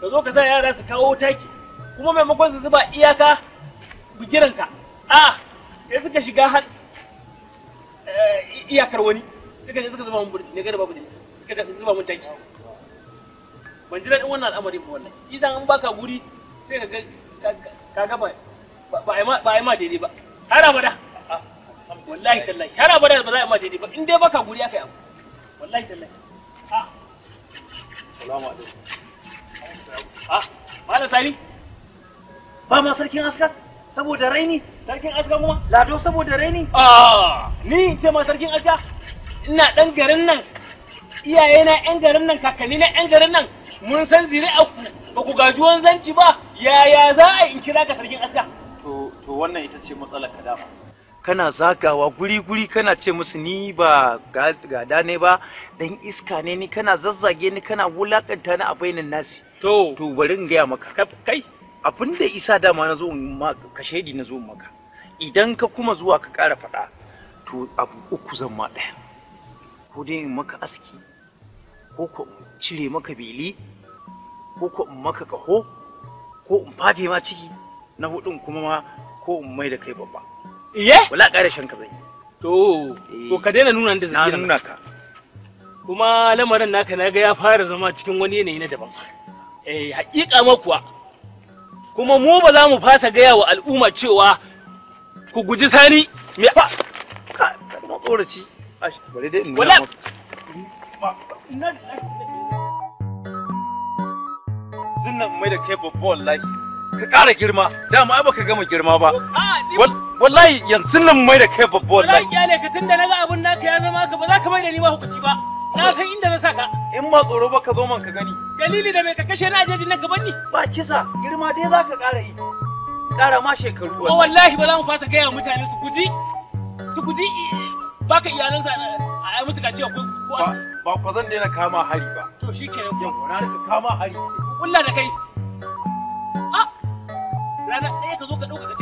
ka zo ka sa yara su kawo taki kuma maimakon su zuba iyaka bigiranka a sai suka shiga har eh, iyakar wani suka je suka zuba mun burji ne ga da babu dinki suka zuba mun taki ban ji daɗin wannan al'amari ba wannan shi an baka guri sai ka ga ka ga ba ba ai ma daidai ba har abada wallahi tallahi har abada ba za a ma daidai ba in dai baka guri aka yi abu wallahi tallahi a salamu alaikum tsami ba ma sarkin asgas saboda raini sarkin asga kuma lado saboda raini ah ni in ce ma sarkin asga ina dan garin nan iyaye na yan garin nan kakanni na yan garin nan mun san zire a ku ba ku gaji wanzanci ba yaya za a in kira ka sarkin asga to to wannan ita ce matsalar ka dama kana zagawa guri-guri kana ce musu ni ba gada ne ba dan iska ne ni kana zazzage ni kana wulakanta ni a bainin nasi to to bari in gaya maka kai abin isa dama na zo ka shaidi na zo maka idan ka kuma zuwa ka kara faɗa to abu uku zan ma ɗaya ko dai in maka aski ko ko cire maka beli ko ko in maka kaho ko in fafe ma ciki na hudun kuma ma ko in mai da kai babba Iye? Wala ƙara shan ka To, ko eh. ka daina nuna da zan nuna ka. Kuma lamarin naka na ga ya fara zama cikin wani yanayi na daban. Eh, haƙiƙa ma kuwa. Kuma mu ba za mu fasa gaya wa al'umma cewa ku guji sani me fa. Ka, ka ma tsoraci. Ash, bari dai in nuna Zinna mai da kai babba wallahi. ka ƙara girma dama ai baka gama girma ba wallahi yanzu nan mai da kai babba wallahi wallahi ka tunda naga abun naka ya zama ka ba za ka mai da ni ba hukunci ba na san inda na saka in ma tsoro ba ka zo man ka gani dalili da mai ka kashe na ajejin nan gaban ni ba kisa girma dai za ka ƙara yi ƙara ma shekaru wallahi wallahi ba za mu fasa gaya mutane su guji su guji eh, baka iyalansa a yi musu kaciya ko ba ba ku zan daina kama hari ba to shikenan yau na rika kama hari kullu da kai